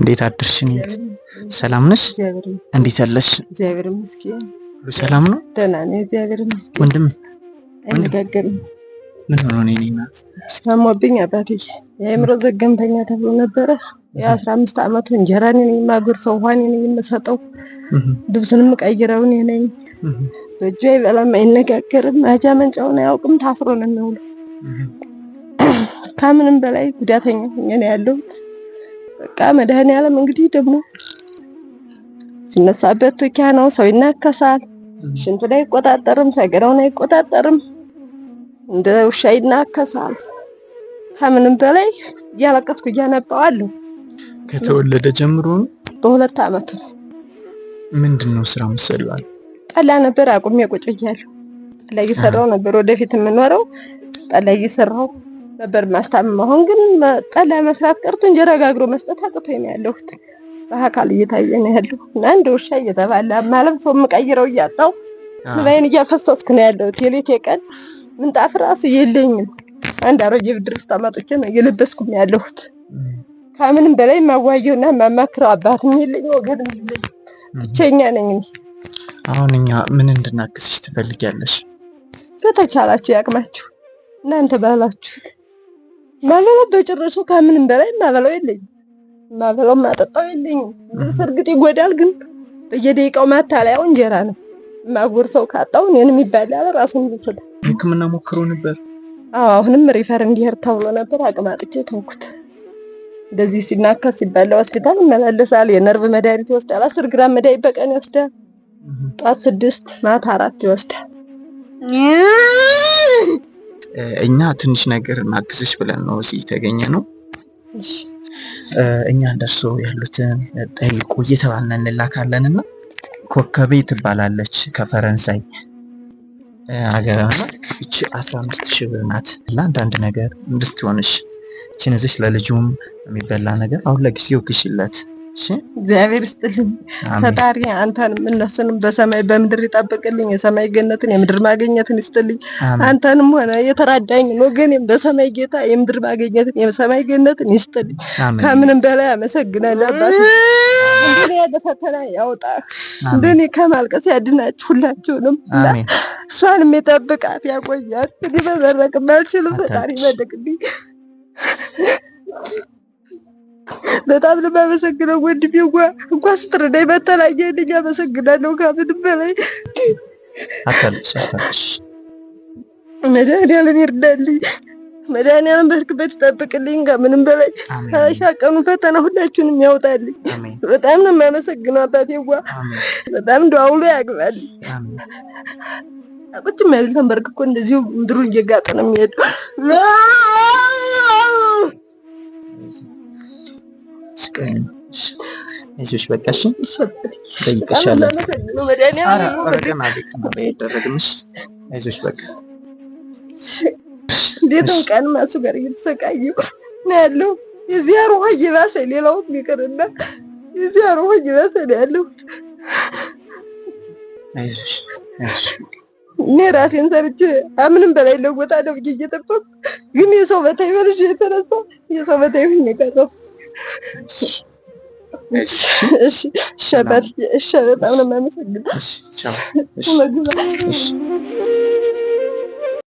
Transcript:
እንዴት አደርሽ? ሰላም ነሽ? እንዴት አለሽ? እግዚአብሔር ይመስገን። ሰላም ነው? ደህና ነኝ፣ እግዚአብሔር ይመስገን። ወንድም አንነጋገርም። ምን ሆኖ ነው? እኔና አባቴ የአእምሮ ዘገምተኛ ተብሎ ነበረ። የአስራ አምስት ዓመቱ እንጀራ እኔ ነኝ የማጎርሰው፣ ውሃ እኔ ነኝ የምሰጠው፣ ልብሱንም ቀይረው እኔ ነኝ። በእጁ አይበላም፣ አይነጋገርም፣ መሄጃ መንጫውን አያውቅም። ታስሮ ነው የሚውለው ከምንም በላይ ጉዳተኛ ሆኜ ነው ያለሁት። በቃ መድኃኒዓለም እንግዲህ ደግሞ ሲነሳበት ቶኪያ ነው። ሰው ይናከሳል፣ ሽንቱን አይቆጣጠርም፣ ሰገራውን አይቆጣጠርም፣ እንደ ውሻ ይናከሳል። ከምንም በላይ እያለቀስኩ እያነባዋለሁ። ከተወለደ ጀምሮ በሁለት አመቱ ምንድን ነው ስራ መሰሪው ጠላ ነበር አቁሜ ቁጭ እያለሁ ጠላ እየሰራሁ ነበር። ወደፊት የምኖረው ጠላ እየሰራሁ ነበር ማስታመም። አሁን ግን ጠላ መስራት ቀርቶ እንጀራ ጋግሮ መስጠት አቅቶ ነው ያለሁት። በአካል እየታየ ነው ያለሁ እና እንደ ውሻ እየተባለ ማለት ሰው የምቀይረው እያጣው ባይን እያፈሰስኩ ነው ያለሁት። የሌት የቀን ምንጣፍ ራሱ የለኝም። አንድ አሮጌ ብድር ውስጥ አማጥቼ ነው እየለበስኩም ያለሁት። ከምንም በላይ የማዋየውና የማማክረው አባትም የለኝ፣ ወገንም የለኝ፣ ብቸኛ ነኝ። አሁን እኛ ምን እንድናግዝሽ ትፈልጊያለሽ? በተቻላችሁ ያቅማችሁ እናንተ ባላችሁት ማበላው በጭራሹ ከምንም በላይ ማበላው የለኝም። ማበላው ማጠጣው የለኝም። ልብስ እርግጥ ይጎዳል፣ ግን በየደቂቃው ማታለያው እንጀራ ነው። ሰው ካጣው እኔንም ይባላል ራሱን ይስል ሕክምና ሞክሮ ነበር። አዎ አሁንም ሪፈር እንዲሄድ ተብሎ ነበር። አቅም አጥቼ ተውኩት። እንደዚህ ሲናከስ ሲባላ ሆስፒታል ይመላለሳል። የነርቭ መድኃኒት ይወስዳል። አስር ግራም መድኃኒት በቀን ይወስዳል። ጧት ስድስት ማታ አራት ይወስዳል። እኛ ትንሽ ነገር እናግዝሽ ብለን ነው እዚህ የተገኘ ነው። እኛ እንደርሶ ያሉትን ጠይቁ እየተባልን እንላካለን እና ኮከቤ ትባላለች ከፈረንሳይ ሀገር ናት። እቺ አስራ አምስት ሺህ ብር ናት ለአንዳንድ ነገር እንድትሆንሽ እችን እዚሽ ለልጁም የሚበላ ነገር አሁን ለጊዜው ግሽለት። እግዚአብሔር ይስጥልኝ። ፈጣሪ አንተንም እነሱንም በሰማይ በምድር ይጠብቅልኝ። የሰማይ ገነትን የምድር ማገኘትን ይስጥልኝ። አንተንም ሆነ የተራዳኝ ወገኔም በሰማይ ጌታ የምድር ማገኘትን የሰማይ ገነትን ይስጥልኝ። ከምንም በላይ አመሰግናለሁ አባት እንደኔ ያለ ፈተና ያውጣ። እንደኔ ከማልቀስ ያድናችሁ ሁላችሁንም እሷንም የጠብቃት ያቆያት። እኔ መመረቅም አልችልም። ፈጣሪ ይመድቅልኝ። በጣም ለማመሰግነው ወንድሜ እንኳ እንኳ ስትረዳኝ በተለያየ ልጅ አመሰግናለሁ። ከምንም በላይ መድኃኒዓለም ይርዳልኝ፣ መድኃኒዓለም በርክበት ይጠብቅልኝ። ከምንም በላይ ሻቀኑ ፈተና ሁላችሁንም ያውጣልኝ። በጣም ነው የማመሰግነው አባቴ እንኳ በጣም አውሎ ያግባል ቁጭ የሚያሉ ተንበርክኮ እንደዚሁ ምድሩን እየጋጠ ነው የሚሄደው። እዚሽ በቃሽ። ጠይቅሻለሁ። ሌላው ቀን ማሱ ጋር እየተሰቃየሁ ነው ያለው። የዚያ ሩሆ እየባሰ ሌላው ይቅርና የዚያ ሩሆ እየባሰ ነው ያለው። እኔ ራሴን ሰርች አምንም በላይ ለወጣ ነው ብዬ እየጠበኩ ግን የሰው በታይ በልጅ የተነሳ የሰው በታይ ሆኜ ቀረሁ። በጣም ነው የማመሰግነው።